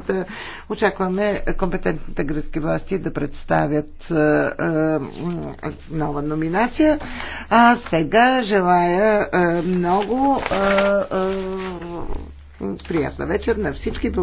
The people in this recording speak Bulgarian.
парламента. Очакваме компетентните гръцки власти да представят е, е, нова номинация. А сега желая е, много приятна вечер на всички.